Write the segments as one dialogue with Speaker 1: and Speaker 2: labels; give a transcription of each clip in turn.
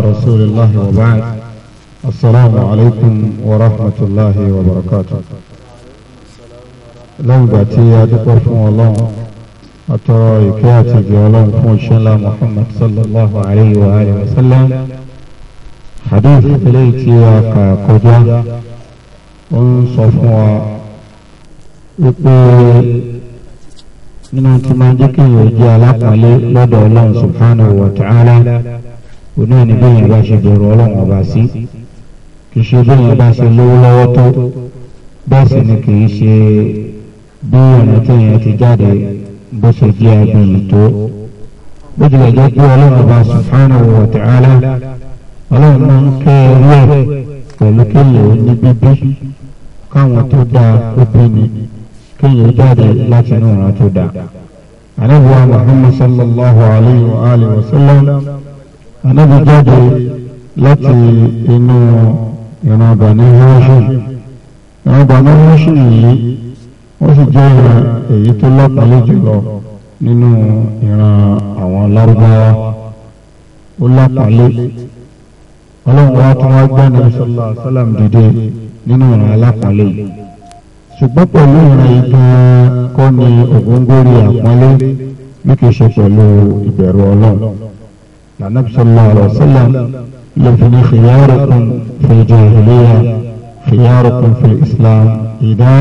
Speaker 1: رسول الله وبعد السلام عليكم ورحمة الله وبركاته لنبا تيا دكور فون الله أترى إكياتي جولون فون شلا محمد صلى الله عليه وآله وسلم
Speaker 2: حديث إليتي كقدوة
Speaker 1: انصفوا
Speaker 2: يقول
Speaker 1: nínú tí máa jẹ́ kí èèyàn jẹ́ alápàlẹ́ òun náà ní bóyá bá ṣe bẹ̀rù ọlọ́run ọba sí kì í ṣe bóyá bá ṣe lówó lọ́wọ́ tó bẹ́ẹ̀ sì ni kì í ṣe bí ọ̀nà tó yẹn ti jáde bó ṣe jẹ́ agbèyí tó
Speaker 2: bó tilẹ̀ jẹ́ pé ọlọ́run ọba subhanahu wa ta'ala
Speaker 1: ọlọ́run máa ń kẹ́ ẹrú ẹ̀ pẹ̀lú kéèyàn ó ní bíbí káwọn tó dáa kó bí kéèyàn jáde láti inú ọ̀ràn tó dáa. ànábì wa muhammad sallallahu alayhi wa sallam anábì jáde
Speaker 2: láti inú ìran bàní húṣù ìran bàní húṣù yìí wọ́n sì jẹ́ ìran èyí tó lọ́pàá jùlọ
Speaker 1: nínú ìran àwọn lárúbáwá
Speaker 2: ó lápàlẹ́
Speaker 1: ọlọ́run wa tún wá gbé ní sọlá sálàm dìde nínú ìran alápàlẹ́ ṣùgbọ́n pẹ̀lú ìran ìgbìmọ̀ kọ́ ni ògúngórí àpọ́nlé bí kì í ṣe pẹ̀lú ìbẹ̀rù ọlọ́run nànàbí sallallahu alaihi wasallam lẹ́fìní khiyarukum fil jahiliya khiyarukum fil islam ìdá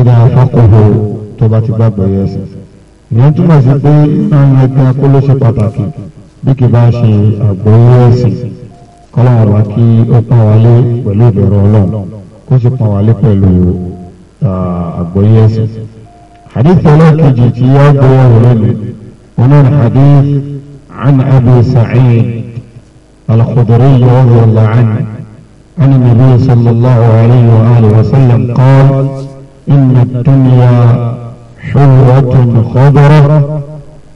Speaker 1: ìdá afọ́kòhò tó bá ti gbàgbọ́ yẹ ẹsẹ̀. ìyẹn túmọ̀ sí pé àwọn ẹgbẹ́ akólóṣe pàtàkì bí kì bá ṣe àgbọ́yé ẹ̀sìn kọ́láwọn wa kí ó pọ́n wálé pẹ̀lú ìbẹ̀rù ọlọ́run kó sì pọ́n wálé pẹ̀lú àgbọ́yé ẹ̀sìn. hadith ọlọ́kejì tí yá gbé ẹ̀rọ lónìí هنا الحديث عن أبي سعيد الخضري رضي الله عنه عن النبي صلى الله عليه وآله وسلم قال إن الدنيا حورة خضرة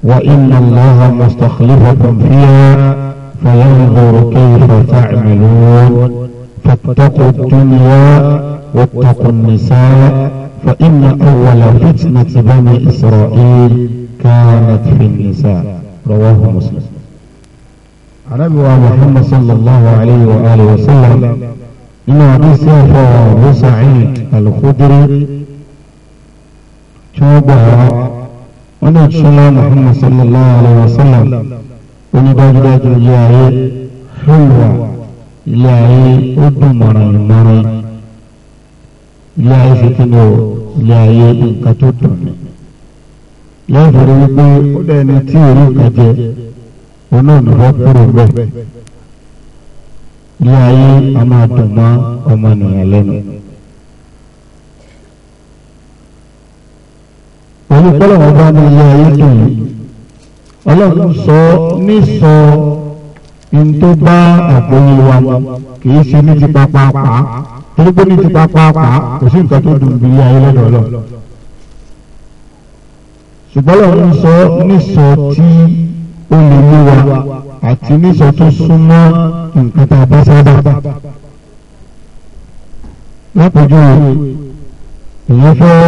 Speaker 1: وإن الله مستخلفكم فيها فينظر كيف تعملون فاتقوا الدنيا واتقوا النساء فإن أول فتنة بني إسرائيل كانت في النساء رواه مسلم عن ابي محمد صلى الله عليه واله وسلم ان ابي سيف سعيد الخدري توبه وانا صلى محمد صلى الله عليه وسلم وني باجداج الجاهي حلوى الهي ادو مرأي مرأي الهي فتنو الهي انكتو lọ́dọ̀rọ̀ wípé ó dẹni tí èrè kàjẹ
Speaker 2: òun náà ló bá kúrò bẹ́ẹ̀
Speaker 1: ní ayé a máa dùn mọ́ ọmọnìyàn lẹ́nu. olùkọ́lọ̀ wọn bá ní ilé ayé dùn yìí ọlọ́run sọ nísọ ní tó bá àgbóyè wa kì í ṣe ní ti pápá pa torí pé ní ti pápá pa kò sí nǹkan tó dùn bí ilé ayé lọ́dọ̀ ọlọ́run ṣùgbọ́n lọ́wọ́ ń sọ nísọ tí ó lè mú wa
Speaker 2: àti nísọ tó súnmọ́ nǹkan tá a bá sábà.
Speaker 1: lápòjú èèyàn fẹ́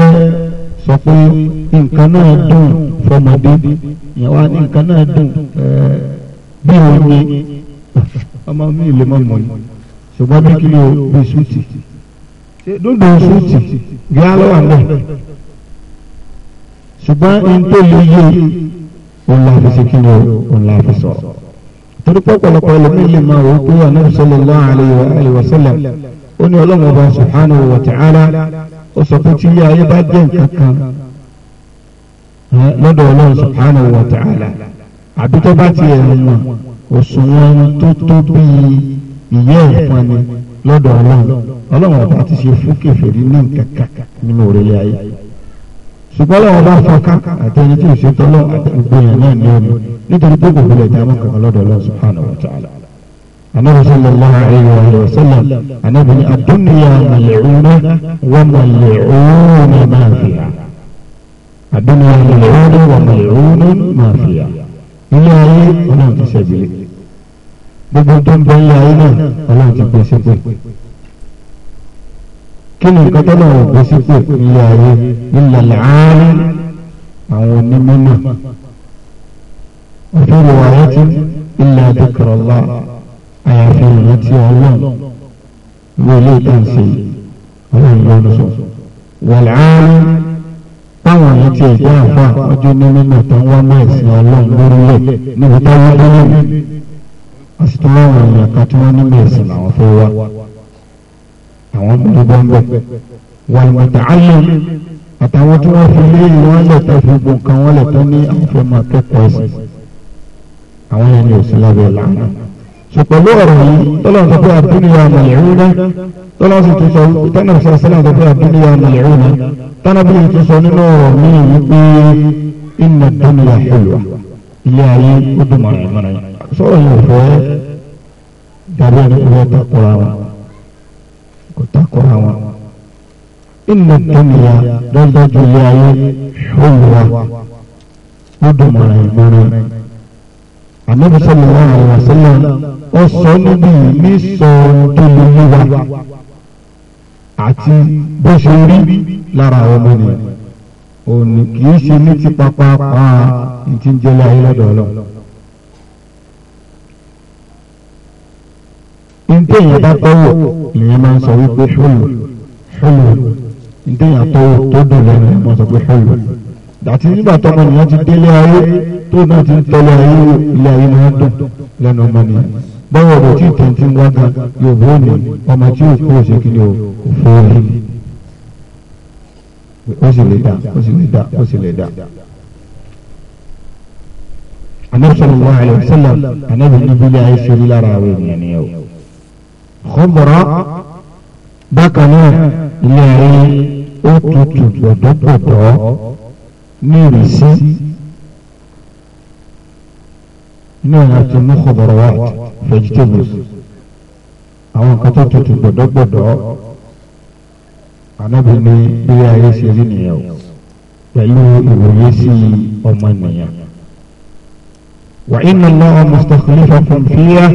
Speaker 1: sọ pé nǹkan náà dùn fọmọdé ìyẹn wá ní nǹkan náà dùn bí omi ọmọ mi lè mọ mọ yìí ṣùgbọ́n bí kí ni o bí sùtì.
Speaker 2: dúdú sùtì bí alọ́ wà ń
Speaker 1: ṣùgbọ́n n tó yẹ yé òun la fi ṣe kí ni òun la fi sọ̀rọ̀ torí pé ọ̀pọ̀lọpọ̀ ẹlòmíì lè máa wò pé anabi sallallahu alayhi wa sallam ó ní ọlọ́run ọba subhanahu wa ta'ala ó sọ pé tí ilé ayé bá jẹ́ nǹkan kan lọ́dọ̀ ọlọ́run subhanahu wa ta'ala àbí tó bá ti ẹ̀rù wọn òṣùwọ̀n tó tó bíi ìyẹ́ ẹ̀fọn ni lọ́dọ̀ ọlọ́run ọlọ́run ọba ti ṣe fún kèfèrí ní nǹkan ṣùgbọ́n làwọn bá fọká àti ẹni tí ìṣe tọ́lọ́ àti ìgbéyàn náà ní omi nítorí pé kò wulẹ̀ jámọ́ kankan lọ́dọ̀ Allah subhanahu wa ta'ala. anabi sallallahu alayhi wa sallam anabi ni adúniya mal'una wa mal'una máa fiha adúniya mal'una wa mal'una máa fiha ilé ayé ọlọ́run ti ṣẹ́bi gbogbo tó ń bẹ ilé ayé náà kí ni nǹkan tó náà gbé sípò ilé ayé nílẹ̀ láàárín àwọn onímọ̀
Speaker 2: òfin ìwà ayé ti ilẹ̀ àdékọ̀rọ̀lá
Speaker 1: àyàfi ìwé tí ọlọ́run ló lè tàn sí ọlọ́run ló ń sọ. wàláàárín táwọn ayé ti ẹ̀jẹ̀ àfà ọjọ́ onímọ̀ tó ń wá mọ́ ẹ̀sìn ọlọ́run lórílẹ̀ níbi táwọn ọlọ́run àti táwọn èèyàn kan tí wọ́n ní mẹ́sìn làwọn fẹ́ wá àwọn obìnrin bọ́ ń bẹ̀ wà lùmọ̀tà ayé àtàwọn tí wọ́n fi lé ìwọ́n lẹ̀tọ́ fi gbọ̀n kan wọ́n lẹ̀tọ́ ní àwọn fẹ́ máa kẹ́kọ̀ọ́ ẹ̀sìn àwọn yẹn ni òsì lábẹ́ làánà ṣùpẹ̀lú ọ̀rọ̀ yìí tọ́lá sọ pé àdúnyà màlẹ́rúnà
Speaker 2: tọ́lá sì ti sọ tánà sọ sílẹ̀ sọ pé àdúnyà màlẹ́rúnà tánà bí ti sọ nínú ọ̀rọ̀ míì wípé iná dúnyà hẹlùwà ilé ayé ó dùn mọ̀ràn mọ̀ràn sọ̀rọ̀ yìí ò fẹ́ dàbí ẹni tó fẹ́ takora
Speaker 1: takura wọn. ilẹ̀ tẹ̀míyà dájúdájú ilé ayé ṣòwò wa
Speaker 2: ó dùnmọ̀ràn ìgboro rẹ̀.
Speaker 1: ànábi sallallahu alaihi wasallam ó sọ níbí ní sọ̀rọ̀ tó lè yé wa àti bó ṣe rí
Speaker 2: lára àwọn ọmọ nìyẹn.
Speaker 1: òní kì ti pápá pa ní ti ń jẹ́ láyé lọ́dọ̀ níbi èèyàn bá tọ́wọ̀ lèèyàn máa ń sọ wípé ṣùlù ṣùlù níbi èèyàn tọ́wọ̀ tó dùn lẹ́nu ẹ̀ máa sọ pé ṣùlù. dàtí nígbà tọmọ nìyẹn ti délé ayé tó náà ti ń tẹ́lẹ̀ ayé wò ilé ayé máa ń dùn lẹ́nu ọmọ nìyẹn. báwo ọ̀rọ̀ tí tẹ̀ǹtì ń wá gan yòówó ni ọmọ tí ò kú òṣèkí ni ò fọ́ orí ó sì lè dá ó sì lè dá ó sì lè dá. anabi sallallahu alayhi wa sallam anabi nabili ayi seri lára àwọn ènìyàn khumra
Speaker 2: bákan náà ilé ayé ó tutù gbọ̀dọ̀gbọ̀dọ̀
Speaker 1: ní ìrísí náà láti mú khumra wá vegetables àwọn nǹkan tó tutù gbọ̀dọ̀gbọ̀dọ̀ ànábì ní ilé ayé ṣe rí nìyẹn o pẹ̀lú ìwòye sí ọmọ ènìyàn. wa inna Allaha mustakhlifakum fiha.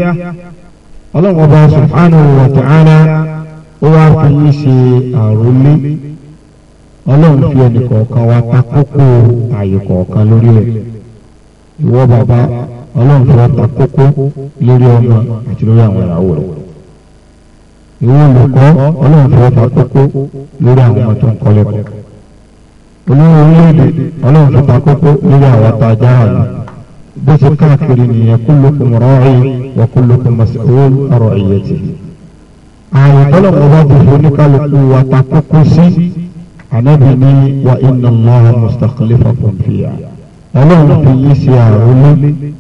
Speaker 1: ọlọ́run ọba subhanahu wa ta'ala
Speaker 2: ó wá fi yín ṣe àrólé
Speaker 1: ọlọ́run fi ẹnì kọ̀ọ̀kan wa kókó ààyè kọ̀ọ̀kan lórí rẹ̀ ìwọ bàbá ọlọ́run fi wa kókó lórí ọmọ àti lórí àwọn ìyàwó rẹ̀ ìwọ olùkọ́ ọlọ́run fi kókó lórí àwọn ọmọ tó ń bó ti káàkiri nìyẹn kullukum ra'in wa kullukum mas'ul an ra'iyatihi. ààyè tọ́lọ̀ mọ́ bá bùhù oníkálukú wa ta kókó sí ànábì ní wa inna Allaha mustaqlifakum fiha. ọlọ́run fi yín ṣe àrólé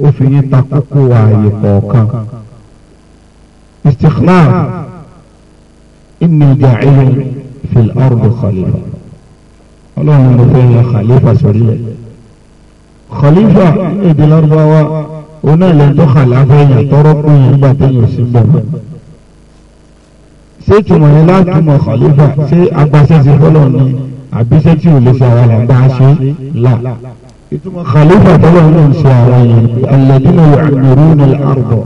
Speaker 1: ó fi yín ta kókó ààyè kọ̀ọ̀kan. istikhlal inni ja'ilun fil ardi khalifa. ọlọ́run mo fẹ́ yan khalifa sórí ẹ̀
Speaker 2: khalifa èdè lárúbáwá oná ilẹ̀ tó khalafa èèyàn tọrọ kú yẹn nígbà téèyàn
Speaker 1: sí ń bọ̀ mọ́. ṣé tìmọ̀ yẹn látùmọ̀ khalifa ṣé agbáṣẹ́sí fọlọ́ ni àbíṣẹ́ tí ò lè ṣe àwọn àgbà ṣe là. ìtumọ̀ khalifa tọ́lọ́ ló ń ṣe àwọn yẹn alladhina yu'ammiruna al-arda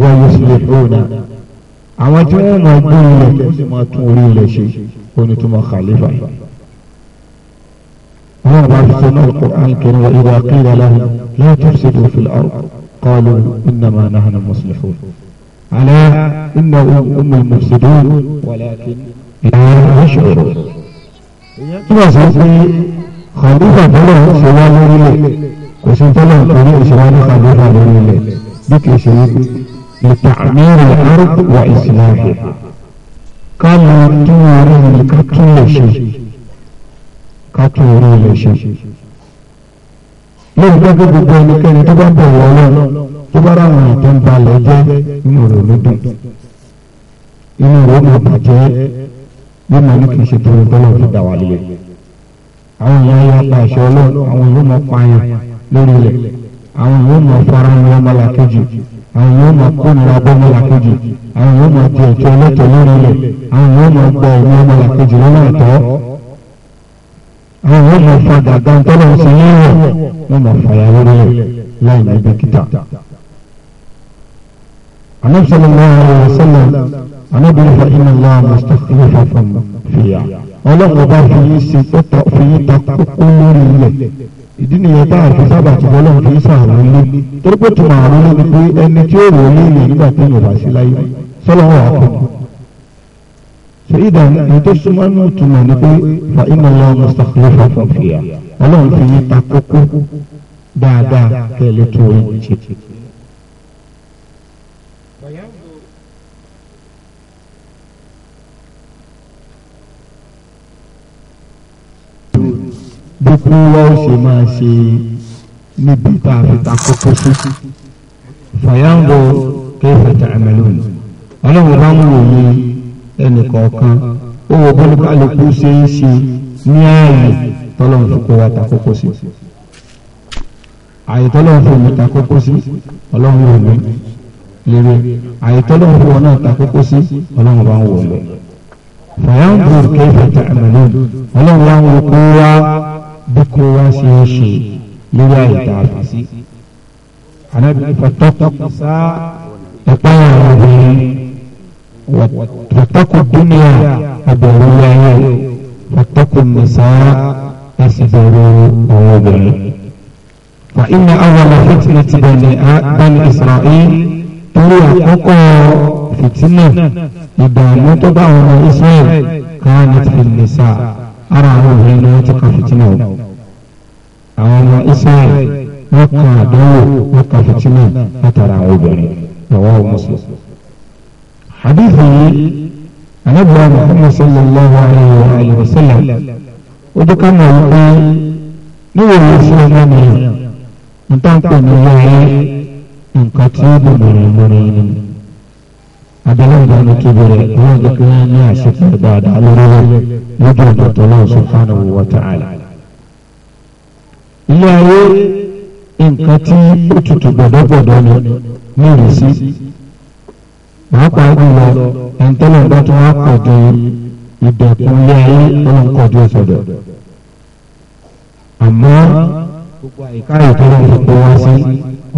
Speaker 2: wa yuslihuna àwọn tí wọ́n máa gbé ilẹ̀ tó sì máa tún orí ilẹ̀ ṣe onítùmọ̀ khalifa
Speaker 1: ماذا يستطيع القرآن الكريم وإذا قيل لهم لا تفسدوا في الأرض قالوا إنما نحن المصلحون على إنهم هم المفسدون ولكن لا يشعرون إذا سيدي خليفة فلان سوالي لي وسنتلهم كوني إسرائيل خليفة الليل بك سيدي لتعمير الأرض وإصلاحها قالوا توري لك كل شيء kátó orí rẹ̀ ṣe. lórí pé gbogbo ẹnikẹ́ni tó bá bọ̀ wọ́n tó bá ráwọn ètò ń balẹ̀ jẹ́ inú rẹ̀ ló dùn inú rẹ̀ ó máa bàjẹ́ yóò máa ní kì í ṣe torí tọ́lọ̀ fi dà lé. àwọn èèyàn yóò pa àṣẹ ọlọ́run àwọn yóò máa pààyàn lórí ilẹ̀ àwọn yóò máa fara ní ọmọlàkejì àwọn yóò máa kónira bọ́mọlàkejì àwọn yóò máa di ẹ̀tọ́ ọlọ́tọ̀ lórí ilẹ̀ àwọn yóò máa gba ẹ̀mí ọmọlàkejì lọ́nà ẹ̀tọ́ àwọn yóò mọ̀ padà dáńtọ́lọ́ sí yíyọ̀ wọ́n mọ̀ fàyà lórí rẹ̀ láì ní dókítà. Ànábì sallallahu alaihi wasallam Ànábì ní fàyínà náà mustakhlifukum fìyà. Ọlọ́run bá fi yín ṣe tọ́tọ̀ fi yín ta kókó lórí ilẹ̀. Ìdí nìyẹn tá a fi sábà ti bọ́ lọ́run fi ń sàrò ilé. Torí pé tùmọ̀ àrùn ló ní pé ẹni tí ó rò ó ní ilẹ̀ nígbà tó yóò wá sí láyé. Sọ́lọ́wọ́ àkókò fìdá ní tó súnmọ́ náà túmọ̀ ní pé fa iná lọ mustaqlifa
Speaker 2: fún fìyà ọlọ́run fi yín ta kókó dáadáa kẹlẹ tó yín
Speaker 1: ṣe. dúkú wa ó ṣe máa ṣe níbi tá a fi ta kókó sí fàyàǹgò kẹfẹ tààmẹlónì ọlọ́run bá ń wòye ẹnìkọ̀ọ̀kan ó wo bọ́lúkálukú ṣe ń ṣe ní ààyè tọ́lọ́run fi kó wa takókó sí ààyè tọ́lọ́run fi òun takókó sí ọlọ́run yóò lé lérè ààyè tọ́lọ́run fi wọn náà takókó sí ọlọ́run bá ń wọ̀ lọ.
Speaker 2: fàyàǹgò kẹfẹ tẹ àmàlẹ ọlọ́run wa ń wo kó wa
Speaker 1: bí kó wa ṣe ń ṣe lórí ààyè tá a fi sí. àná ìfọ̀tọ́tọ́ kùsà ẹ̀pá àwọn obìnrin. واتقوا الدنيا أبروا الله واتقوا النساء أسبروا أوبروا فإن أول فتنة بني بني إسرائيل تروى أقوى فتنة ìdààmú tó bá àwọn ọmọ Israel kanat fi nisa ara àwọn obìnrin ni wọ́n ti ka fìtínà o àwọn ọmọ Israel wọ́n kan àdánwò wọ́n ka fìtínà látara àwọn hadithi anagba muhammad sallallahu alayhi wa sallam ó jẹ́ ká mọ̀ wípé níwò ló fún ọmọ nìyẹn nǹkan pè ní láyé nǹkan tí ó bọ̀ mọ̀rẹ̀ mọ̀rẹ̀ ni abẹ́lẹ́ ìgbà ní tóbi rẹ̀ wọ́n jẹ́ kí wọ́n ní àṣepọ̀ dáadáa lórí lójú ọ̀dọ̀ tọ́lá subhanahu wa ta'ala. ilé ayé nǹkan tí ó tutù gbọ̀dọ̀gbọ̀dọ̀ ni ní ìrísí pàápàá jùlọ ẹ̀ńtẹ́lẹ̀ bá tún wá pàdé ìdẹ̀kùn ilé ayé ọlọ́run kọjú ẹ̀sọ̀dọ̀
Speaker 2: àmọ́ àyíká ìtọ́lọ́ ti pé wá sí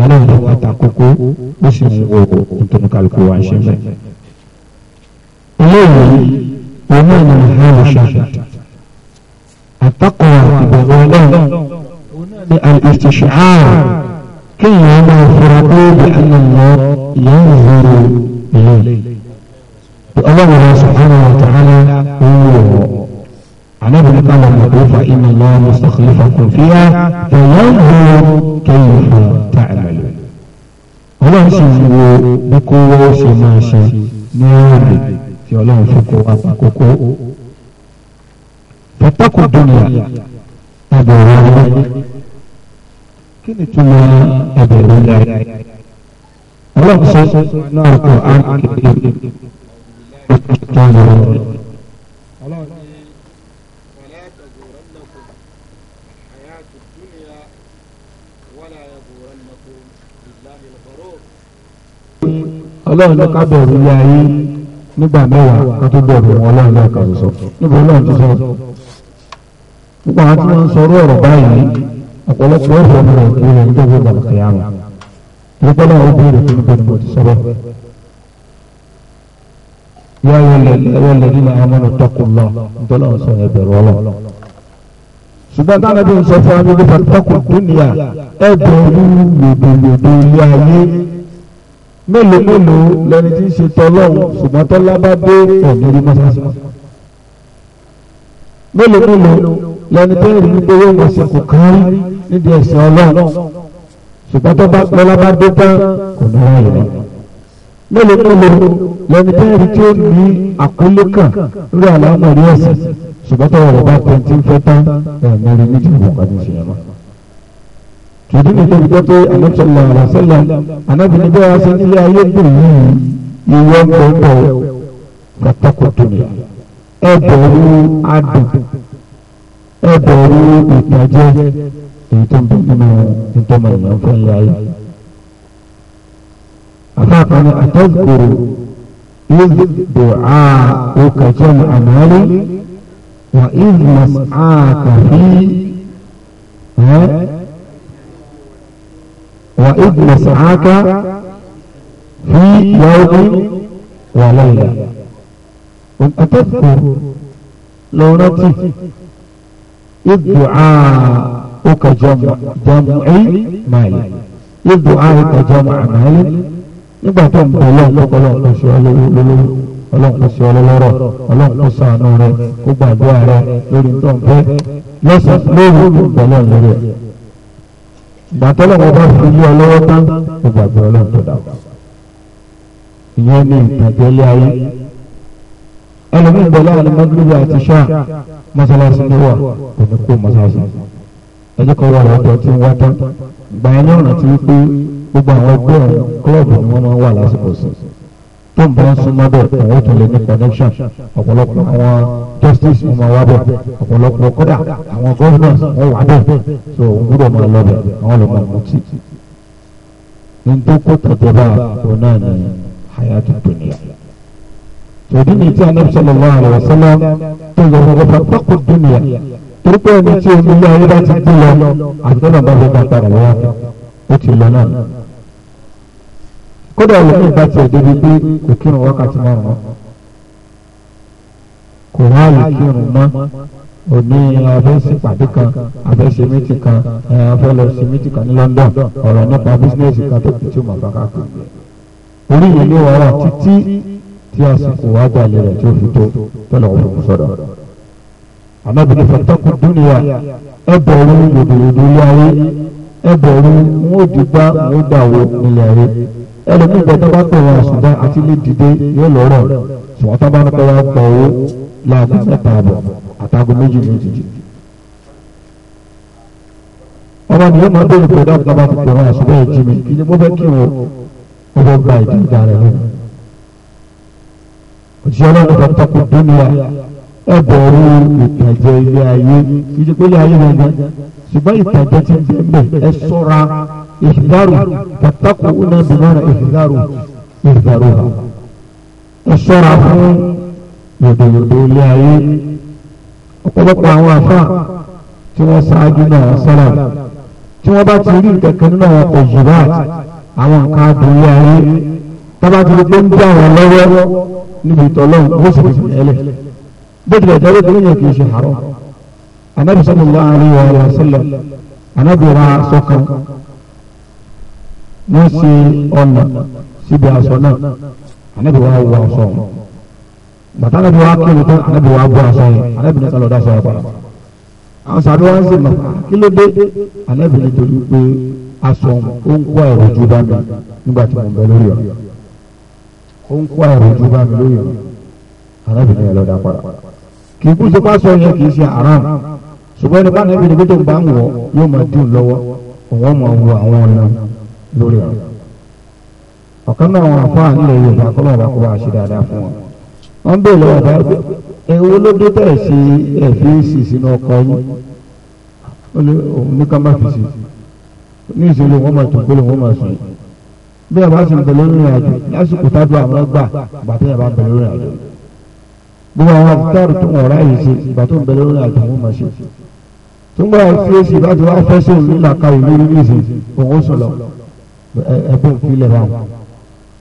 Speaker 2: ọlọ́run tó pàtà kókó ó sì ń wo ìtọ́nu kálukú wa ṣe mẹ́.
Speaker 1: eléyìí oní ènìyàn náà ò ṣàṣà àtàkùn ìbẹ̀wò ọlọ́run ní al-istish'ar kéèyàn máa fura pé bí ẹni lọ yẹn ń zoro eléyìí ọlọ́run náà subhanahu wa ta'ala ń wò wọ́ ànábì nípa àwọn ọmọdé fa inna Allah mustakhlifakum fiha fayanzur kayfa ta'malun ọlọ́run sì ń wo bí kò wọ́n ṣe máa ṣe ní ọ̀rẹ́ tí ọlọ́run fi kó àpàkókò
Speaker 2: pàtàkì dúnìyà ẹbẹ̀rẹ̀ ọlọ́run kí ni túmọ̀ ẹbẹ̀rẹ̀ ọlọ́run
Speaker 1: ọlọ́run sọ náà kò á kéde tó yọ ọ̀rọ̀. ọlọ́run ló ká bẹ̀rù ilé ayé nígbà mẹ́wàá ká tó bẹ̀rù wọn ọlọ́run lẹ́ẹ̀kan sọ níbo ọlọ́run ti sọ nípa àwọn tí wọ́n ń sọ ọ̀rọ̀ báyìí ọ̀pọ̀lọpọ̀ ọ̀rọ̀ mi rẹ̀ ń tẹ́wọ́ bàbá kẹyàmù
Speaker 2: nígbàlá àwọn obìnrin tó ń bẹ̀rẹ̀ mọ̀ ti sọ́bẹ̀.
Speaker 1: yá wọlé lẹ́ni náà àwọn ọmọ tọkùn náà nítorí àwọn sọ̀rọ̀ ẹ̀bẹ̀rẹ̀ ọlọ́. ṣùgbọ́n táwọn ẹbí ń sọ fún wa nípa tọkùn dúnìyà ẹ̀bẹ̀rù yòdòyòdò ilé ayé mélòó mélòó lẹni tí ń ṣe tọlọ́hún ṣùgbọ́n tọ́lá bá dé ọ̀nìrí mọ́sáàsì mélòó mélòó lẹni tó ń rí wípé yóò mọ̀ ṣe kò kárí nídìí ẹ̀sìn ọlọ́run ṣùgbọ́n tó bá gbọ́lá bá dé tán kò ní ráyè rẹ̀. mélòó mélòó lẹni tẹ́ẹ̀rí tí ó ní àkólé kan lórí àlámọ̀ rí ẹ̀sìn ṣùgbọ́n tó rẹ̀ bá pẹ́ tí ń fẹ́ tán ẹ̀ẹ̀mí rí méjì wò ká ní ìṣẹ̀lẹ̀ mọ́. kìdí ni tóbi jẹ́ pé àlọ́sọ̀lá àlọ́sọ̀lá anábìnrin bẹ́ẹ̀ aṣọ nílé ayé dùn yìí ìwọ gbọ̀ngbọ̀ kàtàkùtù ẹ̀bẹ̀rù adùn ẹ̀bẹ̀rù ìtàjẹ́ èyí tó ń bẹ nínú ìtọ́mọ èèyàn fẹ́ yá yìí. afáàkan ní àtẹ́gbòrò ìlú dùá òkàjẹ́ ní àmàlẹ́
Speaker 2: wà ìlú màsáàkà fi
Speaker 1: wà ìlú màsáàkà
Speaker 2: fi yàwó wà lẹ́yìn.
Speaker 1: àtẹ́gbòrò lọ́rọ́tì ìdùá. دعاك جمع جمعي مالي إذ دعاك جمع مالي nígbà tó ń bọ̀ lọ́wọ́ lọ́kọ́ lọ́wọ́ lọ́sọ olówó ọlọ́run lọ́sọ ọlọ́rọ̀ ọlọ́run lọ́sọ àánú rẹ kó gbàdúrà rẹ lórí tó ń fẹ́ lọ́sọ̀ lórí tó ń bọ̀ lọ́wọ́ rẹ. ìgbà tó lọ́wọ́ bá fi lé ọlọ́wọ́ tán kó gbàgbé ọlọ́run tó dàgbà. ìyẹn ní ìtàgé ayé. ẹlòmíì bọ̀ lọ́wọ́ ni mọ́gíríbì ẹjẹ́ kan wà lọ́dọ̀ tí ń wá dán ìgbà yẹn náà rántí wípé gbogbo àwọn ẹgbẹ́ ọ̀hún kílọ̀bù ni wọ́n máa ń wà lásìkò sí tó ń bá ń sún mọ́bẹ̀ àwọn tó lè ní connection ọ̀pọ̀lọpọ̀ àwọn justice wọn máa wá bẹ̀ ọ̀pọ̀lọpọ̀ kọ́dà àwọn governors wọn wà bẹ̀ so òun gbúdọ̀ máa lọ bẹ̀ àwọn lè máa mú tì
Speaker 2: ní tó kó tọ̀jọba àpò náà ní hayatu dunia tòdí ní
Speaker 1: tí a náà sọ̀rọ̀ lọ́wọ́ àlọ́ torí pé ẹni tí omi yá ayé bá ti dín lọ àtọ́nà bá fẹ́ bá padà lọ́wọ́ kí ó ti lọ náà. kódà ìlú ìgbà tiẹ̀ débi pé kò kírun wákàtí márùn-ún kò wá lè kírun mọ́ òní abẹ́sí pàdé kan abẹ́sí mítì kan abẹ́lẹ̀ sí mítì kan ní London ọ̀rọ̀ nípa bísíǹnẹ̀sì kan tó kù tí mo bá ká kù. orí ìyẹn ní wàrà títí tí àsìkò wájà lè rẹ̀ tó fi tó tọ́lọ̀ òfin sọ̀rọ̀ anábìrin fẹtẹkùn dúnìyà ẹ bẹ̀rù yòdòyòdò ilé ayé ẹ bẹ̀rù wọn ò dìgbà wọn ò dàwọ nílẹ̀ rẹ ẹlòmíì bẹ tó bá pè wọn àṣùdá àti ilé dìde yóò lọ́rọ̀ ṣùgbọ́n tó bá ń pẹ́ wọn gbọ̀ owó láàbù mẹ́ta àbọ̀ àtàgọ́ méjì méjì. ọmọ nìyẹn máa ń bẹ̀rù pé dáàbò bá ti pè wọn àṣùdá ẹ̀ jí mi kí ni mo fẹ́ kí wọn ọbọ̀ gba ìdí ìdá rẹ̀ lónìí. òṣìṣẹ́ ọlọ́run fẹ́ tọ́kù ẹbọ̀rú ìtàjẹ ilé ayé ìdí pé ilé ayé wọn gan ṣùgbọ́n ìtàjẹ ti bẹ̀ ẹ sọ́ra
Speaker 2: ìhìdárò pàtàkù
Speaker 1: ọ̀nà ìbímọ́ra ìhìdárò ìhìdárò ha ẹ sọ́ra fún yòdòyòdò ilé ayé ọ̀pọ̀lọpọ̀ àwọn àfa tí wọ́n ṣáájú náà sọ́ra tí wọ́n bá ti rí kẹ̀kẹ́ nínú àwọn yìí àwọn nǹkan adùn ilé ayé tábàtì ló ń dí àwọn lọ́wọ́ níbi ìtọ́lọ́run bóde ẹ̀jẹ̀ bóde ẹ̀yẹ kì í ṣe haram anabi sallallahu alayhi wa sallam anabi wa sọkan wọ́n ṣe ọ̀nà síbi aṣọ náà anabi wa wọ aṣọ bàtà anabi wa kí ni tán anabi wa bọ aṣọ yẹn anabi náà sálọ̀dá aṣọ yẹn padà àwọn sàbí wa ń anabi nítorí pé aṣọ ó ń kó ẹ̀rọ ju bá mo bẹ lórí ọ̀rọ̀ ó ń anabi náà yẹ lọ́dà kì í kú sí pásọ yẹn kì í ṣe haram ṣùgbọ́n nípa náà ìbílẹ̀ gbẹ́dọ̀ bá ń wọ̀ yóò máa dín lọ́wọ́ òun máa wọ àwọn ọ̀nà lórí ọ̀rọ̀ ọ̀kan náà wọn àfọ ànílẹ̀ yorùbá kọ́lọ́ ọ̀bá kó bá ṣe dáadáa fún wọn. wọ́n ń bèèrè ọ̀dà ewu ló dé tẹ̀ sí ẹ̀fíìsì sínú ọkọ̀ yín òun ní kán bá fi sí ní ìṣèlú wọn máa tún gbólóhùn wọn máa sùn bí ẹ bá sì ń bẹ̀rẹ̀ lórí àjò lásìkò tájú àwọn gbà àgbàtẹ́yà bá ń bẹ̀rẹ̀ lórí àjò gbogbo àwọn afikáàrù tó wọn ráyè ṣe ìgbà tó ń bẹ lórí àjò àwọn ọmọ ṣe tó ń gbọ́ sí èsì ìbá tó wá fẹ́ sóun nílà káwé lórí níṣe òun sọ lọ ẹgbẹ́ òfin ilẹ̀ wa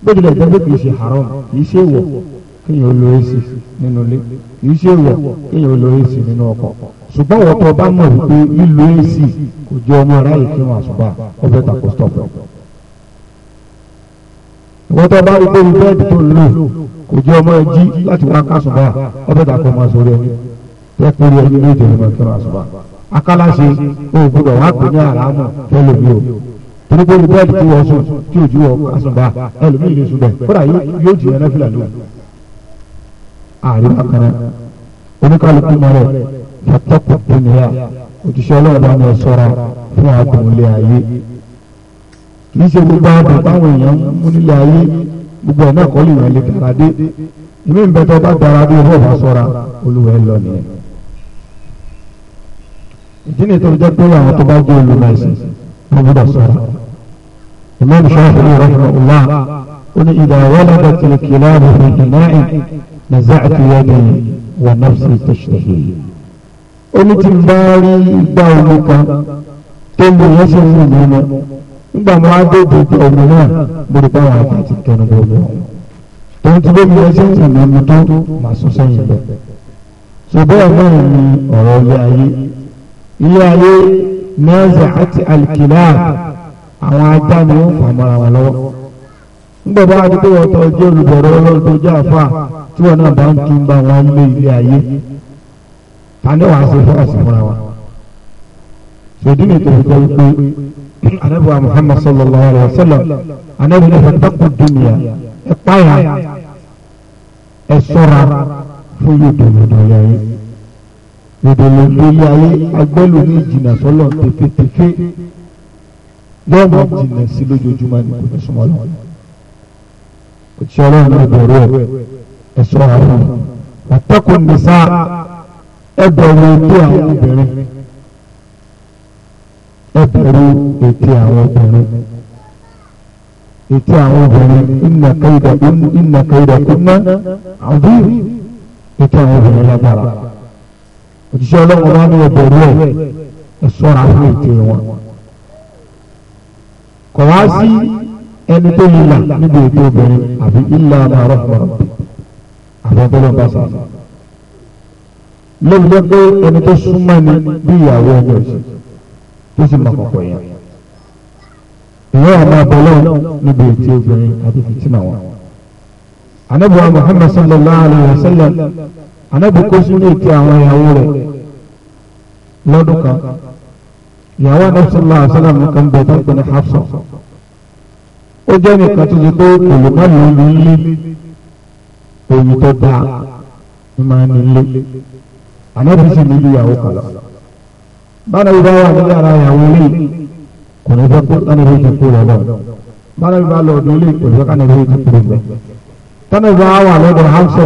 Speaker 1: bó tilẹ̀ jẹ́ kì í ṣe haram kì í ṣe wọ̀ kéèyàn lo èsì nínú ilé kì í ṣe wọ̀ kéèyàn lo èsì nínú ọkọ̀ ṣùgbọ́n wọ́n tó bá mọ̀ wípé lílo èsì kò jẹ́ ọmọ ráyè kí wọ́n àṣùbà ọbẹ̀ tàkó stọ̀pù kò jẹ́ ọmọ ẹjí láti wá kásùbà ọbẹ̀ dàpọ̀ máa sọ̀rọ̀ ẹni tẹ́ pé ẹni ní ìjọba máa kí wọn àsùbà.
Speaker 2: akálàṣe o gbọdọ̀ wá pè ní àràmù tẹ́lẹ̀ mi o
Speaker 1: torí pé olùkọ́ ẹ̀dùn tí wọ́n sùn tí òjú wọ kásùbà ẹlòmíì lè sùn bẹ̀ kódà yóò jì ẹ̀rẹ́ fìlà lóhùn. ààrẹ bákanná oníkálukú mọ́rẹ̀ fàtọ́kù dùnìyà òjíṣẹ́ ọlọ́ọ̀dà ni ẹ sọ́ra fún àdùn ilé ayé kì í ṣe gbogbo àdùn táwọn èèyàn ń mú nílé ayé gbogbo ẹ̀ náà kọ́ lè yàn lè dára dé ìmí ń bẹ tó bá dára dé irú ọ̀bá sọ́ra olúwa ẹ̀ lọ nìyẹn. ìdí ni tó jẹ́ pé àwọn tó bá jẹ́ olùmọ̀ ẹ̀sìn wọ́n gbọ́dọ̀ sọ́ra.
Speaker 2: Imam Shafi'i rahimahullah ó ní idha waladat al-kilabu fi ina'in naza'tu yadi wa nafsi tashtahi.
Speaker 1: ó ní tí bá rí igbá omi kan tó ń bọ̀ nígbà mo á dé ìdíje ọmọ náà mo rí báwọn àgbà ti kẹnu gbogbo ọ̀hún tóun ti bóbi ẹsẹ̀ ìtànà mi tó máa sún sẹ́yìn lọ. ṣùgbọ́n ọ̀nà ni ọ̀rọ̀ ilé ayé ilé ayé mẹ́ẹ̀sẹ̀ àti àlìkìlá àwọn ajá ni wọ́n fà mọ́ra wọn lọ́wọ́. nígbà bá a ti pé jẹ́ olùbọ̀rọ̀ ọlọ́run tó jẹ́ àfa tí wọn náà bá ń kí ń bá wọn lé ilé ayé ta ni wàá ṣe fọ́ọ̀sì
Speaker 2: anabi wa muhammad sallallahu alayhi wa sallam anabi ní fataku dunya ẹ páyà
Speaker 1: ẹ ṣọ́ra fún yòdòló dọlẹ ayé yòdòló dọlẹ ayé agbẹlò ní ìjìnà sọlọ tẹfẹtẹfẹ lọ́wọ́ jìnà sí lójoojúmọ́ ní kò sọmọ lọ òtí ọlọ́run náà bẹ̀rù ẹ
Speaker 2: ẹ ṣọ́ra fún un fataku ẹ bẹ̀rù ètò àwọn obìnrin
Speaker 1: ẹbẹ̀rù ètí àwọn obìnrin ètí àwọn obìnrin iná kẹ́ìdà iná kẹ́ìdà kúnná àbí ètí àwọn obìnrin lágbára òjíṣẹ́ ọlọ́run bá ní ẹbẹ̀rù ẹ̀
Speaker 2: ẹ ṣọ́ra fún ètí wọn
Speaker 1: kọ̀ wá sí ẹni tó yìlà níbi ètí obìnrin àbí ilà àmàrọ̀ àmàrọ̀ àbọ̀bọ̀lọ̀ bá sàmà lóòótọ́ pé ẹni tó súnmọ́ ni bí ìyàwó ẹni ọ̀sìn ó sì mọ kọ̀kọ̀ yẹn. ìwé ọmọ abọ́lọ́ níbi ètí obìnrin àti fìtínà wọn. anábùwà Muhammad sallallahu alayhi wa sallam
Speaker 2: anábì kó sínú ètí àwọn ìyàwó rẹ̀
Speaker 1: lọ́dún kan. ìyàwó anábì sallallahu alayhi wa sallam kan bẹ̀ tó ń pè ní Hafsa. ó jẹ́ nìkan tó ti pé kòló má lè ní ilé oyin tó dáa ní máa ní ilé.
Speaker 2: anábì sì ní ìyàwó kan
Speaker 1: lọ bára bí bá wà nílé ara ìyàwó ilé kò ní fẹ́ kó lánàá ìwé ti kúrò lọ bára bí bá lọ ọdún ilé kò ní fẹ́ kánàá ìwé ti kúrò lọ tánà ìbá wà lọ́dọ̀ hamsa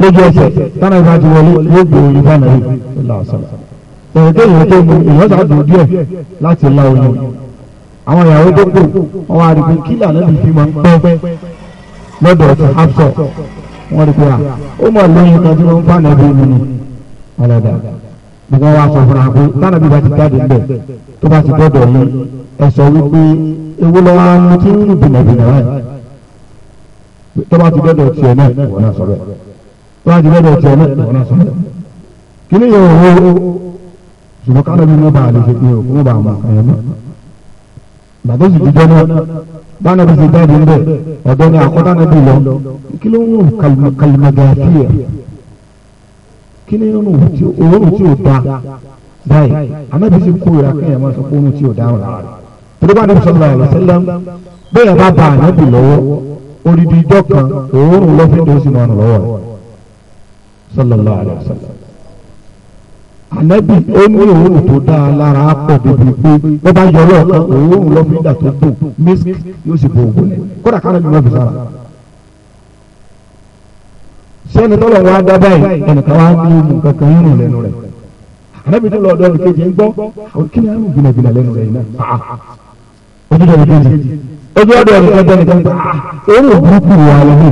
Speaker 1: lójú ẹsẹ̀ tánà ìbá ti wọlé yóò gbé orí bánà yìí lọ́sàn. ẹ̀ẹ́dẹ́ ìwé tó mu ìwọ́n sá dùn díẹ̀ láti la oyin àwọn ìyàwó tó kù ọwọ́ àdìgbò kílà náà fi máa ń pẹ́ lọ́dọ̀ ọ̀tún hamsa wọ́n rí pé à ó mọ̀ lóyún kan tí ń fà náà bí mi ni nígbà wà sọ fún àgbẹ̀ tánà bí wà ti jáde ńbẹ tó bá ti dọ́dọ̀ yìí ẹ sọ wípé ewu lọ́wọ́ ń tí ń bìnàbìnà rẹ̀ tó bá ti dọ́dọ̀ tiẹ̀ náà wọ́n náà sọ bẹ́ẹ̀ tó bá ti dọ́dọ̀ tiẹ̀ náà wọ́n náà sọ bẹ́ẹ̀ kí ni yóò wo ṣùgbọ́n kánà bí mo bá a lè ṣe pé òkú bá a mọ̀ ẹ̀yẹ mọ́ bàbá sì dìjọ́ náà báwọn ẹbí ti jáde ńbẹ ọ̀dọ́ ni àkọ́tà náà lọ kí ló ń wù kàlùmọ̀gàfíà Kini ni òórùn tí ò da báyìí anábì sì kó ìrà kéèyàn máa sọ pé òórùn tí ò da ọ̀la rẹ̀ torí bá níbi sọ̀rọ̀ àlọ́ sẹ́lẹ̀ bóyá bá ba ànábì lọ́wọ́ odidi ijọ́ kan òórùn lọ́fíìdì ó sì máa nù lọ́wọ́ rẹ̀ sallallahu alaihi wasallam ànábì ó ní òórùn tó dáa lára pọ̀ bíbí pé wọ́n bá yọ ọlọ́ọ̀kan òórùn lọ́fíìdà tó gbò mísk yóò sì bò ògùn lẹ̀ kódà kánà bí wọ́n fi sára sẹ́ni tọ́lọ̀ wọn á dá báyìí ẹnìkan wá ní ìmù kankan yín lẹ́nu rẹ̀ àrẹ́bí tó lọ ọ̀dọ́ mi kejì ń gbọ́ kí ni àrùn gbìnàgbìnà lẹ́nu rẹ̀ náà ah, ah. ojú ọ̀dọ́ mi kejì ojú ọ̀dọ́ mi kejì ẹnìkan gbà èrè ah, burúkú wà lẹ́nu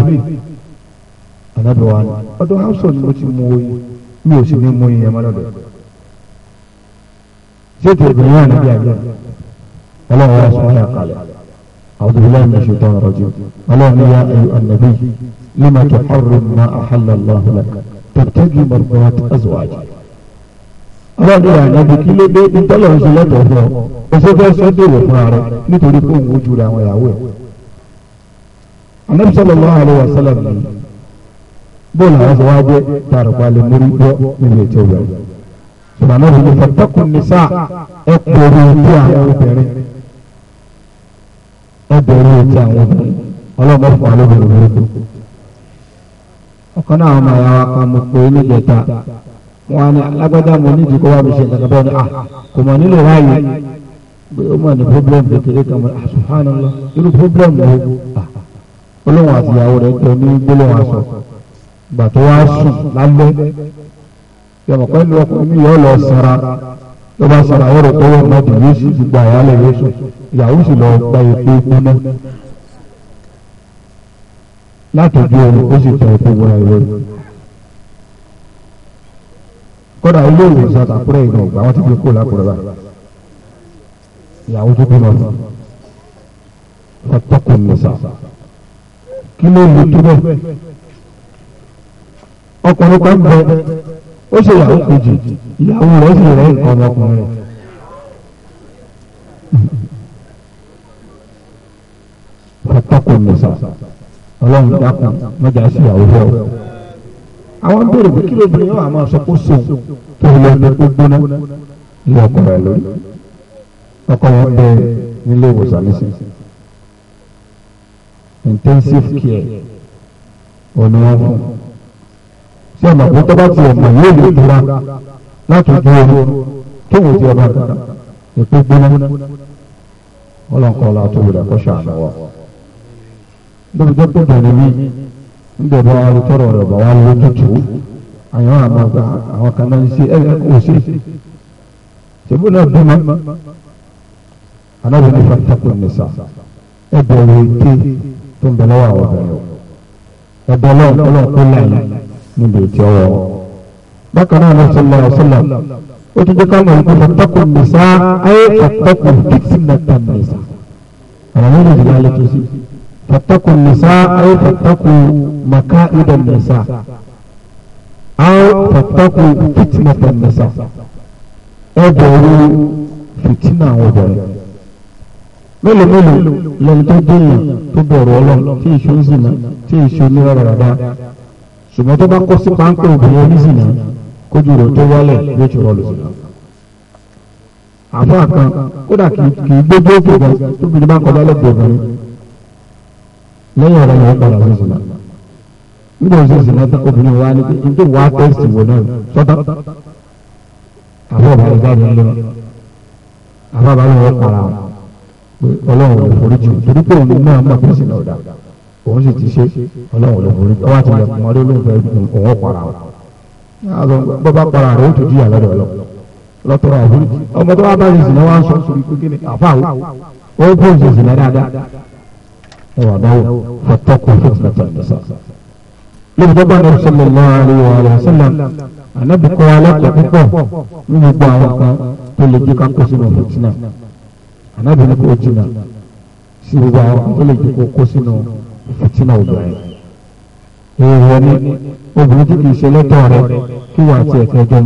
Speaker 1: alábẹ̀ wa ọdún hausa ni mo ti mú oyin mi ò sì ní mú iye ẹ̀mọ́ lọ́dọ̀ ṣé ètò ìbẹ̀rẹ̀ wà níbi àjẹ́
Speaker 2: ọlọ́run wa sọ ọ́ yà kalẹ̀ àwọn obìnrin náà ń bẹ̀ ṣe
Speaker 1: tán ọ̀rọ̀ jù ọlọ́run ní لما تحرم ما أحل الله لك تبتغي مرضات أزواجك ọlọ́run rà nàbí kí ló dé ìtọ́lọ̀ ń ṣe lọ́tọ̀ fún ọ oṣù fẹ́ sọ dèrò fún ara nítorí pé òun ojú ra àwọn ìyàwó ẹ̀. anábìsọ̀ lọ́wọ́ àlọ́ wa sálàm ní bóòlù àwọn sọ wá jẹ́ tààrùpá lè mórí gbọ́ nílé ètò ìgbà yìí.
Speaker 2: ìbànú rẹ̀ ní fatakùn ẹ pèrè ètò àwọn obìnrin
Speaker 1: ẹ bẹ̀rẹ̀ ọ̀kan náà ọmọ ìyá wa kan mo pè é nígbẹ̀ta wọn ni alágbádá mo nídìí kó wá mi ṣe ìdàgbà ni ah kò mọ̀ nílò ráàyè pé ó mọ̀ ní problem kékeré kan mọ̀ ah subhanallah irú problem wo ah olóhùn àti ìyàwó rẹ̀ jọ ní gbólóhùn aṣọ ìgbà tó wá sùn lálẹ́ yọmọ pẹ̀lú ọkùnrin mi yọ lọ sara ló bá sara yọrọ tó wọ́n mọ̀ tó yóò sì gbà yálẹ̀ yóò sùn ìyàwó sì lọ gba èpo gbóná látọjú oorun ó sì tọ ẹkọ wọra ẹ lórí kódà ilé ìwòsàn àkúrẹ́ ìgbà ọ̀gbà wọn ti gbé kó lákùrẹ́ báyìí ìyàwó tó bí lọ́sàn fatakun nisa
Speaker 2: kí ló lè tó bẹ́ẹ̀
Speaker 1: ọkùnrin kan bẹ
Speaker 2: ó ṣe ìyàwó kejì ìyàwó rẹ̀ sì rẹ̀ nǹkan ọmọkùnrin rẹ̀. fatakun nisa ọlọ́run dákun mọ́jà sí ìyàwó fẹ́ o. àwọn
Speaker 1: ń bèrè pé kí ló bìnrin yóò máa sọ kó sùn tó lọ ní gbóná
Speaker 2: ní ọkọ rẹ lórí
Speaker 1: ọkọ wọn bẹ nílé ìwòsàn nísìnyí intensive care òní wọn fún sí ọmọ àpótọ́ bá ti ọmọ yóò lè dúra láti ojú oorun tó wò ti ọba ìpín gbóná ọlọ́nkọ́ ọlá rẹ̀ kó ṣàánú wa lórí dókítà bẹ̀rẹ̀ mi
Speaker 2: ń bẹ̀ bá wa lè tọrọ ọ̀rọ̀ bá wa lè tutù
Speaker 1: àwọn àmọ́ àwọn kan náà ń ṣe ẹ̀ ò ṣe ṣèbú náà bí mọ́ anáwó ní fatakù nìsa ẹ bẹ̀rẹ̀ èké tó ń bẹ lọ́wọ́ àwọn ọ̀rẹ́ ẹ bẹ̀ lọ́wọ́ ọlọ́run kó láyé
Speaker 2: níbi ètí ọwọ́
Speaker 1: bákan náà lọ sọlọ ọsọlọ ó ti jẹ́ káwọn ìlú fatakù nìsa ayé fatakù fífi mẹ́ta nìsa àwọn méjèèjì lálẹ́ tó sí. فاتقوا النساء أو فاتقوا مكائد النساء أو فاتقوا فتنة النساء أدعوا فتنة وبركة mélòó mélòó lẹni tó dèèyàn tó bẹ̀rù ọlọ́run tí èso ń zìnà tí èso ní rárá rárá ṣùgbọ́n tó bá kọ́ sí páńpẹ́ obìnrin onízìnà kójú rẹ̀ tó wálẹ̀ yóò ti rọlù zìnà. àfáà kan kódà kì í gbójú òkè gan tóbi ní bá kọjá lẹ́gbẹ̀ẹ́ obìnrin lẹ́yìn ọ̀rọ̀ yẹn padà sí ìsìn náà nígbà òsì ìsìn náà obìnrin wa ni pé nítorí wàá tẹ́sítì wò náà sọ́tà
Speaker 2: àbọ̀ bàbá jáde lọ àbá bàbá yẹn para
Speaker 1: ọlọ́run ò forí jù torí pé òun náà mọ̀ pé ìsìn náà dà òun sì ti ṣe ọlọ́run ló forí jù ọwọ́ àti ilẹ̀ kùn ọdún ló ń fẹ́ òun para ọ̀ bọ́bá para rẹ̀ ó tún jíyà lọ́dọ̀ ọlọ́run lọ́tọ̀rọ̀ àforíjì ọmọ tó wá bá ìsìn náà wá ń sọ sórí pé kí ni àfáà
Speaker 2: ó bó ìsìn náà dáadáa
Speaker 1: ẹwà dáwọ fọtọkù fitnata nisa. lóbi tó bá nàbì sallallahu alaihi wa sallam ànábì kọ́ alákọ̀ọ́ púpọ̀ ní gbogbo àwọn kan tó lè jẹ́ ká kó sínú fìtínà ànábì ní kò jìnnà sí gbogbo àwọn kan tó lè jẹ́ kó kó sínú fìtínà obìnrin. èèyàn ni obìnrin tí kì í ṣe lẹ́tọ̀ rẹ kí wọ́n àti ẹ̀kẹ́ jọ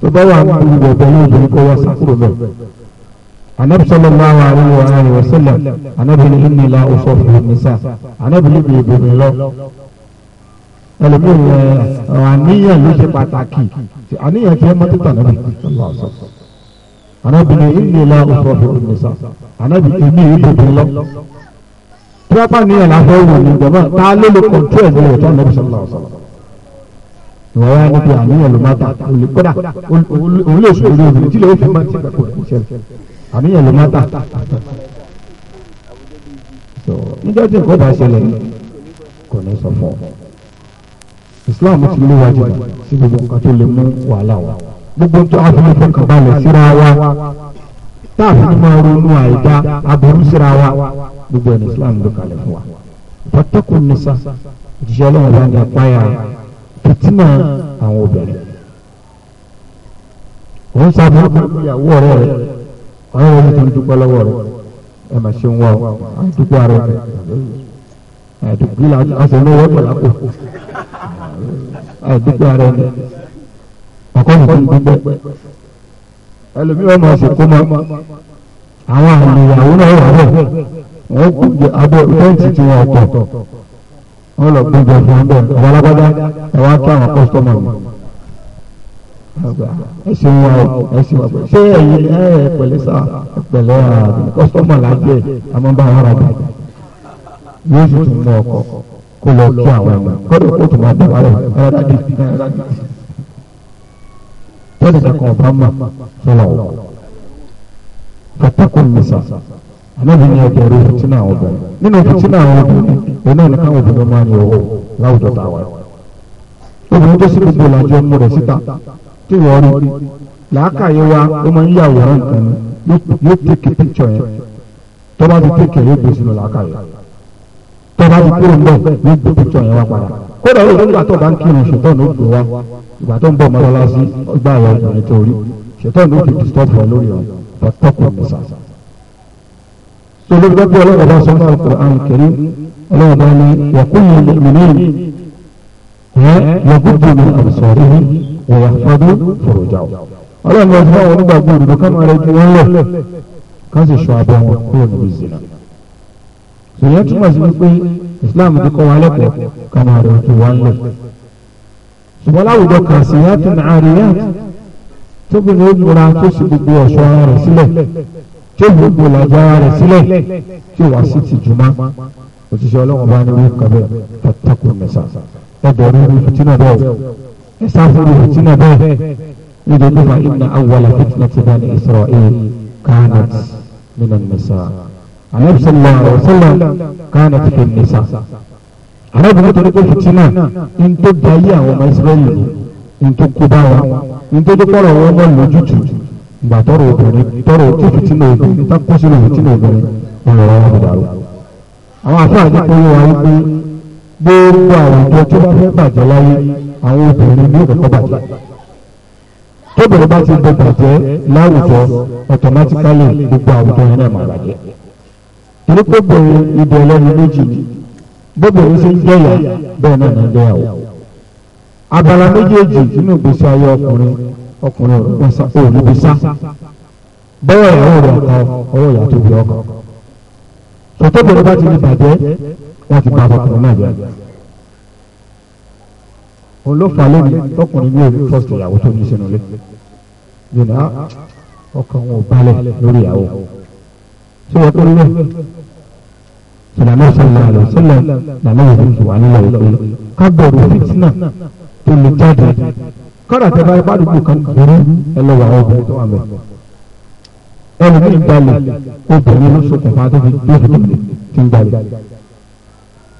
Speaker 1: tó bá wà ń kúrú bọ̀ bẹ́ẹ̀ lóbìnrin kọ́ wá sákúrò bẹ́ẹ̀.
Speaker 2: anabi sallallahu alayhi wa alayhi wa sallam anabi ni inni la usọ fi nisa anabi ni bèbè mi lọ. ẹlòmíràn
Speaker 1: àníyàn ló ṣe pàtàkì àníyàn tí ẹ mọ títà nàbì anabi ni inni la usọ fi nisa anabi èmi yìí bèbè lọ. tírápà níyàn la wò ní ìjọba tá a lè lo kọ̀ntrẹ́ẹ̀lì ìwà wa ní pé àníyàn ló má ta olè kódà òun lè sọ̀rọ̀ lórí tí lè fi má ti kàkó ẹ̀ ṣẹlẹ̀ àníyàn ló má ta. níjọ́ tí nǹkan bá ṣẹlẹ̀ kò ní sọ fún ọ. Islam ti lé wájú sí gbogbo nǹkan tó lè mú wàhálà wa gbogbo tó àfihàn fọkàn balẹ̀ síra wa
Speaker 2: táàfin máa ronú àìdá aburú síra wa gbogbo
Speaker 1: ẹni Islam ló kalẹ̀ fún wa. fatakun nisa ìṣẹ́ ọlọ́run bá ń ga páyà fìtínà àwọn obìnrin òun ń yàwó ọ̀rẹ́ rẹ ọ̀rẹ́ rẹ nítorí dúpẹ́ lọ́wọ́ rẹ ẹ mà ṣe ń wá ọ ara rẹ àdúgbò là àṣẹ lọ́wọ́ pẹ̀lú àpò àdúgbò ara rẹ ọkọ nìkan dúpẹ́ ẹlòmíràn máa ṣe kó máa àwọn àmì ìyàwó náà wà tí
Speaker 2: wọ́n lọ gbé ìjọba fún bẹ́ẹ̀ àwọn alágbádá ẹ̀ wá tó àwọn kọ́sítọ́mù mi. ẹ̀sìn wa o ẹ̀sìn wa pẹ̀lú
Speaker 1: ṣé ẹ̀yin ẹ̀ pẹ̀lẹ́ sá pẹ̀lẹ́ kọ́sítọ́mù làjẹ́ àmọ́ bá wọn rajà yóò sì tún mú ọkọ̀ kó lọ kí àwọn ẹ̀wọ̀n kọ́dọ̀ kó tún máa bẹ̀ wá rẹ̀ ẹ̀rọ̀dàdì tọ́lẹ̀ kankan ọ̀bá mọ̀ sọ̀rọ̀ ọ̀ alábi ni ẹgbẹ́ rẹ fitina àwọn obìnrin nínú fitina àwọn obìnrin òun náà nìkan obìnrin máa ń yọ owó láwùjọ tá a wà. obìnrin tó sì gbogbo ìlàjọ mú rẹ̀ síta tí wọ́n rí
Speaker 2: làákàyè wa ó máa ń yà wòrán nǹkan
Speaker 1: ni yóò tèkè píkṣọ yẹn tó bá ti tèkè yóò gbé sínú làákàyè tó bá ti kúrò mbẹ yóò gbé píkṣọ yẹn wá padà kódà ó nígbà tó bá ń kírun ṣètò ní òkè wa ìgbà tó ń bọ̀ mọ́lá sí ìgbà yẹn ọkùnrin tó rí ṣètò ní òkè disturb wọn lórí ọ̀ tọ́kùn nìsa lórí gbogbo ọlọ́run bá sọ náà Al-Qur'an Karim ọlọ́run bá ní yàkúnyé mìíràn ẹ yàgùdù ní àbùsọ̀rí ní wọ̀yà fọdún fòròjà ọlọ́run bá fún àwọn onígbàgbọ́ òdòdó ká máa rẹ ju wọn lọ
Speaker 2: ká sọ abẹ́ wọn kúrò níbi zina
Speaker 1: ìyẹn túmọ̀ sí wípé Islam ti kọ́ wa lẹ́kọ̀ọ́ ká máa rẹ ju wọn lọ ṣùgbọ́n láwùjọ kan sì yàtọ̀ nàárẹ̀ yàtọ̀ tóbi ní ó múra tó sì gbogbo ọ̀ṣọ́ ara rẹ̀ sílẹ̀
Speaker 2: tó gbogbo làjára rẹ̀ sílẹ̀ tí wàá sì ti jùmọ́ òṣìṣẹ́ ọlọ́run bá ní wọ́n kàbẹ́ pàtàkùn mẹ́sà ẹ bẹ̀rù ní fìtínà bẹ́ẹ̀ ẹ sáfù ní fìtínà bẹ́ẹ̀ níbi nípa inna awwala fitnati bani Isra'il kanat
Speaker 1: min an-nisa Ànábì sallallahu alaihi wasallam kanat fi an-nisa Ànábì nítorí pé fìtínà ní tó dayé àwọn ọmọ Israẹli ní tó kó bá wọn ní tó dé kọ́rọ̀ wọn mọ́ lójútùú gbà tọrọ obere tọrọ fìtínà obìnrin tá kó sínú fìtínà obìnrin ọ̀rọ̀ ọ̀rọ̀ ti dàrú. àwọn afáàjì pé wọ́n wáyé pé gbogbo àwùjọ tó bá fẹ́ bàjẹ́ láyé àwọn obìnrin ti láwùjọ gbogbo àwùjọ yẹn náà máa torí pé ibi méjì ni ṣe ń náà abala méjèèjì nínú ìgbésí ayé ọkùnrin ọ̀rẹ́sà òníbi sá bọ́ọ̀ ẹ̀rọ rẹ̀ ọ̀tọ̀ ọ̀rọ̀ ìyá tóbi ọkọ̀
Speaker 2: sọtọ́bìnrin bá ti ní bàjẹ́ wọ́n ti bá ọkùnrin náà jẹ́
Speaker 1: òun ló fà lónìí tọkùnrin ní òun fọ́ọ̀tù ìyàwó tó ní sínú ilé yìnyín á ah,
Speaker 2: ọkàn wọn ò balẹ̀ lórí ìyàwó tí wọ́n tó lé sìlámù sọ̀rọ̀ àlọ́ sílẹ̀ làmọ́ òfin tù wá nílẹ̀ òfin ká bẹ̀rù
Speaker 1: tó lè jáde kọ́nà tẹ́ bá yẹ bádùúgbò kan burú ẹ lọ́wọ́ àwọn obìnrin tó wà mẹ́. ẹlòmíì gbalẹ̀ obìnrin ló ṣokùnfà tó fi tó fi ti ń
Speaker 2: gbalẹ̀.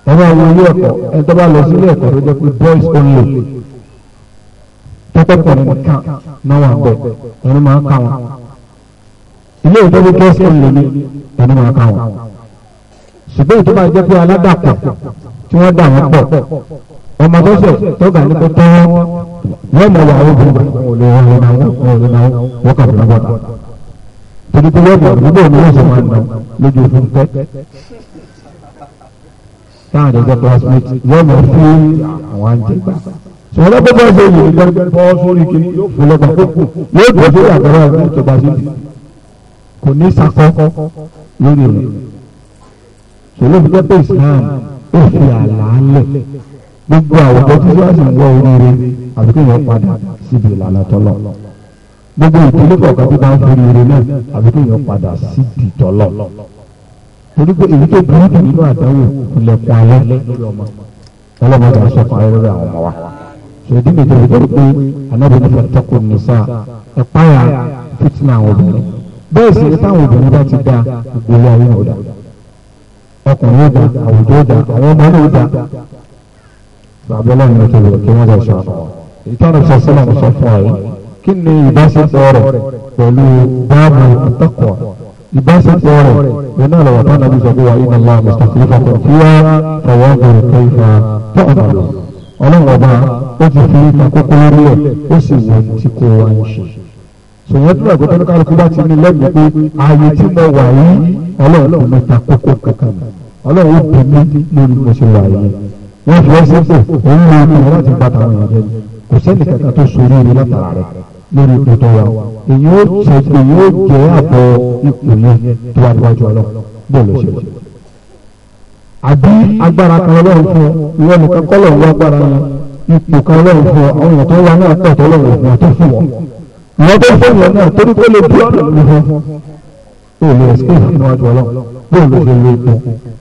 Speaker 2: ẹ máa wọ ilé ẹ̀kọ́ ẹ bá lọ sí ẹ̀kọ́ tó jẹ́ pé boys only
Speaker 1: tọ́kọ̀tọ̀ nìkan náà wà bẹ̀ ẹni máa kà wọ́n. ilé ìtọ́jú boys only ni ẹni máa kà wọ́n. ṣùgbọ́n ìtọ́ba jẹ́ pé aládàpọ̀ tí wọ́n dà wọ́n pọ̀
Speaker 2: ọmọ tó ṣẹ̀ tọ́gà ní kó tọ́
Speaker 1: wọ́n mọ̀ wàá wọ́n bọ̀ wọ́n lè wọ́n lè náà wọ́n lè náà wọ́n kà fún bọ́ta. torí pé wọ́n bọ̀ nígbà wo ni wọ́n sọ máa nà lójú òfin tẹ́. táwọn àdéjọ classmate wọ́n mọ̀ fí àwọn àǹtẹ̀gbà. sọ̀rọ̀ lọ́pọ̀ bá ṣe yìí gbọ́ bọ́ sórí kìíní yóò fún lọ́gbà kókò yóò dùn sí àgbàrá ẹ̀kọ́ ìjọba sí ti. kò ní sakọ lórí rẹ̀. sọ̀rọ̀ fi gbọ́ gbogbo àwùjọ tí wọ́n sì ń wọ oríire àbí kí èèyàn padà síbi ìlànà tọ́lọ̀ gbogbo ìpínlẹ̀ kọ̀ọ̀kan tó bá ń forí ire náà àbí kí èèyàn padà síbi tọ́lọ̀ torí pé èyí tó burú jù nínú àdánwò ilẹ̀kùn alẹ́ lórí ọmọ ọlọ́mọdé àṣọkọ ayé lórí àwọn ọmọ wa ṣèdí mi tẹ̀lé torí pé anábìyẹn ní fẹ́tẹ́kù nìsa ẹ̀páyà fìtínà àwọn obìnrin bẹ́ẹ̀ sì ni táwọn obìnrin bá ti da ìgbéyà ayé náà dà ọkùnrin ó dà àwùjọ ó dà àwọn ọmọ náà ó dà bàbá ọlọ́run ló ti wọ̀ kí wọ́n lọ ṣọ́ àbọ̀wọ̀ ìtọ́nà sọ́sọ́nà sọ fún ọ yìí kí ni ìbáṣepọ̀ rẹ̀ pẹ̀lú báàbù àtọ́kọ̀ ìbáṣepọ̀ rẹ̀ nínú àlọ́wọ́ tó nàbí sọ pé wà iná máa mùsùlùmí kankan kí wá ọ̀wọ́ bẹ̀rẹ̀ kẹfà tó ọ̀nà lọ. ọlọ́run ọba ó ti fi àkókò lórí ẹ̀ ó sì wọ ohun tí kò wá ń ṣe. sòyìn ẹdúrà gbọ́dọ̀ ní kálukú bá ti ní lẹ́yìn pé ààyè tí mo wà yìí ọlọ́run mi wọ́n fi ẹ́ sẹ́pọ̀ òun ló ń lọ láti gbàtà àwọn ìyàgbẹ́ kò sẹ́ni kankan tó sori ìwé látara rẹ̀ lórí ipò tó wà èyí ó jẹ èyí ó jẹ àbọ̀ ipò yẹn tó wà níwájú ọlọ bọ́ọ̀lù ṣe wà. àbí agbára kan ọlọ́run fún ọ ìwọ nìkan kọ́ lọ́run wá agbára yẹn ipò kan ọlọ́run fún ọ àwọn tó wà náà pọ̀ tó lọ́run tó fún ọ. ìwọ tó fún ọ náà torí pé lè bí ọ̀nà ìwọ ò lè bóòlù ló lè fún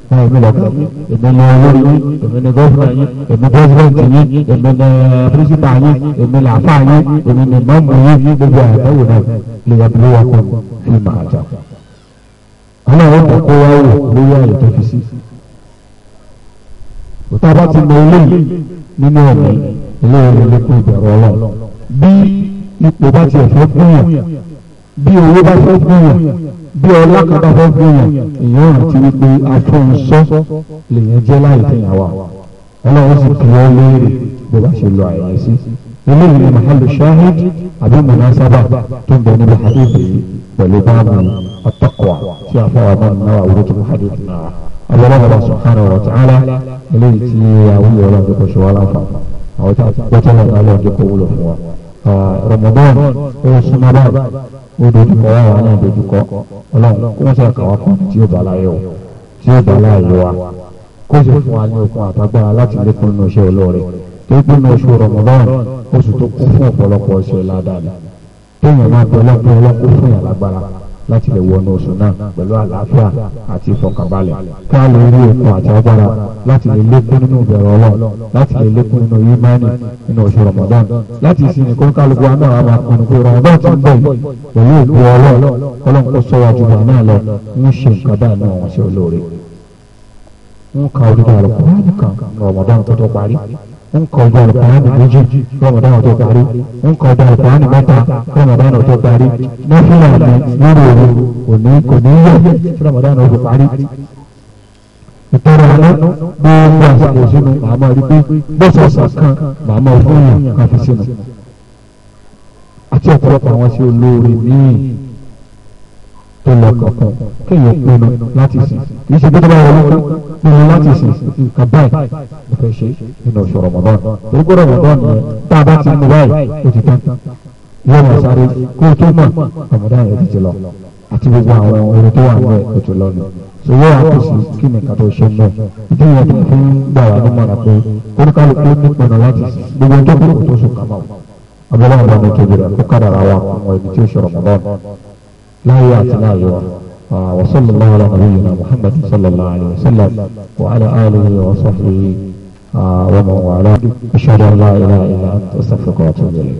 Speaker 1: náà èmi lọ́kọ̀ èmi ní olórí yín èmi ní gọ́fìnà yín èmi pírẹ́sìdẹ̀ntì yín èmi ní pírísítà yín èmi ní àfà yín èmi ní mọ́mù yín gbogbo àtẹ̀wò náà lè yàgbé wà kọ́ sí màá jà. ọlọ́run kò kó wá wò lórí àyè tó fi sí. òtá bá ti mọ eléyìí nínú ọ̀rọ̀
Speaker 2: eléyìí ló kó ìbẹ̀rù ọlọ́run bí ipò bá ti ẹ̀fọ́ fún yàn
Speaker 1: bí owó bá fẹ́ gbìyàn
Speaker 2: bí ọlá kan bá fẹ́ gbìyàn èèyàn àti wípé afọ́nsọ́
Speaker 1: lèèyàn jẹ́ láì tẹ̀yàn wà ọlọ́run sì kì í ọ léèrè bó bá ṣe lo àyè sí eléyìí ni mahalu shahid àbí munasaba tó ń bẹ níbi hadithi yìí pẹ̀lú báàmù at-taqwa tí a fọwọ́ náà náà wúlò tó hadithi náà abọ́lọ́mọba subhanahu wa ta'ala eléyìí tí àwọn yòó lọ́dún kò ṣe wá láǹfà àwọn tí a ti gbọ́tọ̀ lọ́dún kò wúlò fún wa Ramadan ó súnmọ́ báyìí ó dojúkọ wá wà náà dojúkọ ọlọ́run kó sọ kàwá kan tí ó bá láyé o tí ó bá láyé wa kó sì fún wa ní okun àtagbára láti lékún inú iṣẹ́ olóore tó gbé inú oṣù Ramadan oṣù tó kún fún ọ̀pọ̀lọpọ̀ iṣẹ́ ládàá ni téèyàn máa bẹ ọlọ́pẹ́ ọlọ́pẹ́ fún yàrá lágbára láti lè wọnú oṣù náà pẹ̀lú àlàáfíà àti ìfọkànbalẹ̀ ká lè rí okun àti agbára láti lè lékún nínú ìbẹ̀rù ọlọ́run láti lè lékún nínú yimani nínú oṣù ramadan láti ìsinmi kó kálukú wa náà máa pinnu pé ramadan ti ń bọ̀ yìí pẹ̀lú òkú ọlọ́run ọlọ́run kó sọ wájú bá náà lọ ń ṣe nǹkan bá náà wọ́n ṣe olóore.
Speaker 2: ń ka orí àlùkò ránìkan ramadan tó tó parí ń kọ ọjọ́ àlùkùránì méjì rọmọdán ọjọ́ parí ń kọ ọjọ́ àlùkùránì mẹ́ta rọmọdán ọjọ́ parí nọ́fìlà mi lórí òru òní kò ní yẹ rọmọdán ọjọ́ parí.
Speaker 1: ìtọ́rọ àná gbogbo àsìkò sínú màmá rí pé gbọ́sọ̀sọ̀ kan màmá fún yàn kan fi sínú àti ọ̀pọ̀lọpọ̀ àwọn sí olóore míì ìmọ̀ kọ̀ọ̀kan kéèyàn pinnu láti sìn kì í ṣe pé tó bá wọlé fún pinnu láti sìn nǹkan báyìí mo fẹ́ ṣe nínú oṣù rọmọdọ́n orúkọ rọmọdọ́n yẹn
Speaker 2: tá a bá ti mú báyìí ó ti tán
Speaker 1: lọ́mọ sáré kó o tó mọ̀ rọmọdọ́n yẹn ti ti lọ àti gbogbo àwọn ohun tó wà ní ẹ̀ tó lọ ni sọwọ́ àkóso kí ni kàtó ṣe ń bọ̀ ìdí yẹn tó fún gbà wá ní mọ̀ra pé oníkálukú ní pinnu láti sìn gbogbo tó kúrò tó sùn kàmáwò abẹ́rẹ́ àwọn ọmọ ìkejì rẹ̀ kó kádàrà wa àwọn ẹni tí ó ṣe rọmọdọ́n لا يتنازع وصلى الله على نبينا محمد صلى الله عليه وسلم
Speaker 2: وعلى آله وصحبه آه، ومن والاه أشهد أن لا إله إلا أنت أستغفرك وأتوب إليك